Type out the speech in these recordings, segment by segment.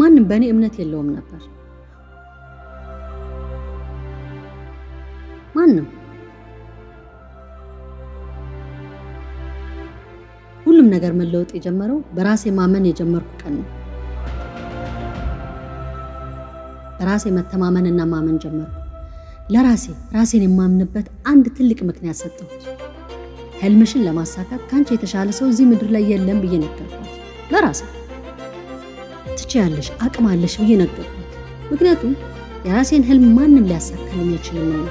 ማንም በእኔ እምነት የለውም ነበር። ማንም ሁሉም ነገር መለወጥ የጀመረው በራሴ ማመን የጀመርኩ ቀን ነው። በራሴ መተማመንና ማመን ጀመርኩ። ለራሴ ራሴን የማምንበት አንድ ትልቅ ምክንያት ሰጠሁት። ህልምሽን ለማሳካት ከአንቺ የተሻለ ሰው እዚህ ምድር ላይ የለም ብዬ ነገርኳት ለራሴ ትችያለሽ፣ አቅም አለሽ ብዬ ነገርኩት። ምክንያቱም የራሴን ህልም ማንም ሊያሳካልኝ አይችልም ነው።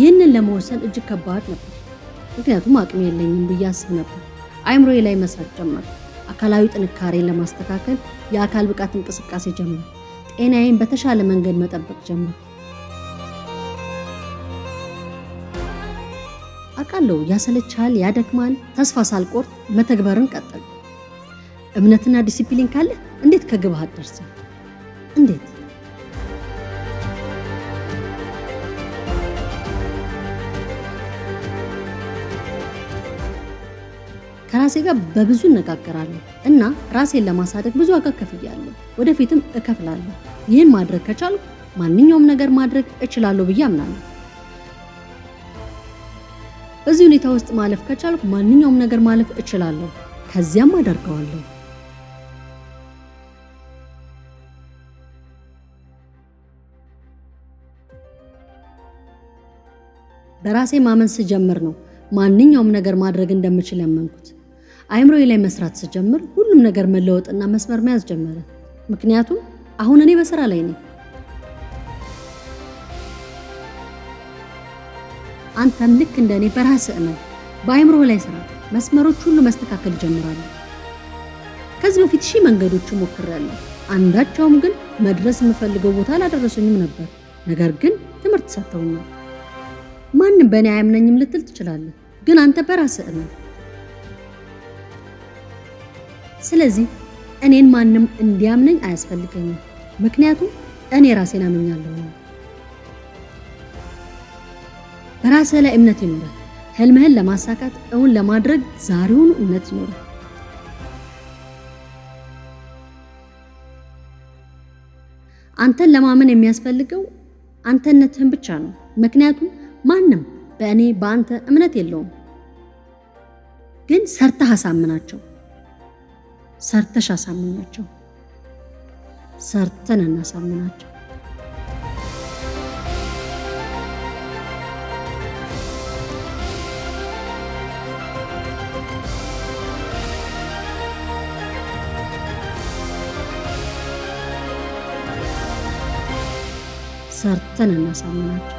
ይህንን ለመወሰን እጅግ ከባድ ነበር። ምክንያቱም አቅም የለኝም ብዬ አስብ ነበር። አይምሮዬ ላይ መስራት ጀመር። አካላዊ ጥንካሬን ለማስተካከል የአካል ብቃት እንቅስቃሴ ጀመር። ጤናዬን በተሻለ መንገድ መጠበቅ ጀመር። አቃለው ያሰለቻል፣ ያደክማል። ተስፋ ሳልቆርጥ መተግበርን ቀጥል። እምነትና ዲሲፕሊን ካለህ እንዴት ከግብህ አትደርስም? እንዴት ከራሴ ጋር በብዙ እነጋገራለሁ እና ራሴን ለማሳደግ ብዙ ዋጋ ከፍያለሁ፣ ወደፊትም እከፍላለሁ። ይህን ማድረግ ከቻልኩ ማንኛውም ነገር ማድረግ እችላለሁ ብዬ አምናለሁ። በዚህ ሁኔታ ውስጥ ማለፍ ከቻልኩ ማንኛውም ነገር ማለፍ እችላለሁ፣ ከዚያም አደርገዋለሁ። በራሴ ማመን ስጀምር ነው ማንኛውም ነገር ማድረግ እንደምችል ያመንኩት። አይምሮዬ ላይ መስራት ስጀምር ሁሉም ነገር መለወጥና መስመር መያዝ ጀመረ። ምክንያቱም አሁን እኔ በስራ ላይ ነኝ። አንተም ልክ እንደ እኔ በራስህ እመን። ላይ ስራ። መስመሮች ሁሉ መስተካከል ይጀምራሉ። ከዚህ በፊት ሺህ መንገዶች ሞክሬያለሁ። አንዳቸውም ግን መድረስ የምፈልገው ቦታ አላደረሱኝም ነበር። ነገር ግን ትምህርት ሰጥተውኛል። ማንም በእኔ አያምነኝም ልትል ትችላለህ፣ ግን አንተ በራስ እመን። ስለዚህ እኔን ማንም እንዲያምነኝ አያስፈልገኝም፣ ምክንያቱም እኔ ራሴን አምኛለሁ። በራስህ ላይ እምነት ይኖራል። ህልምህን ለማሳካት እውን ለማድረግ ዛሬውን እምነት ይኖራል። አንተን ለማመን የሚያስፈልገው አንተነትህን ብቻ ነው። ምክንያቱም ማንም በእኔ በአንተ እምነት የለውም። ግን ሰርተህ አሳምናቸው። ሰርተሽ አሳምኛቸው። ሰርተን እናሳምናቸው። ሰርተን እናሳምናቸው።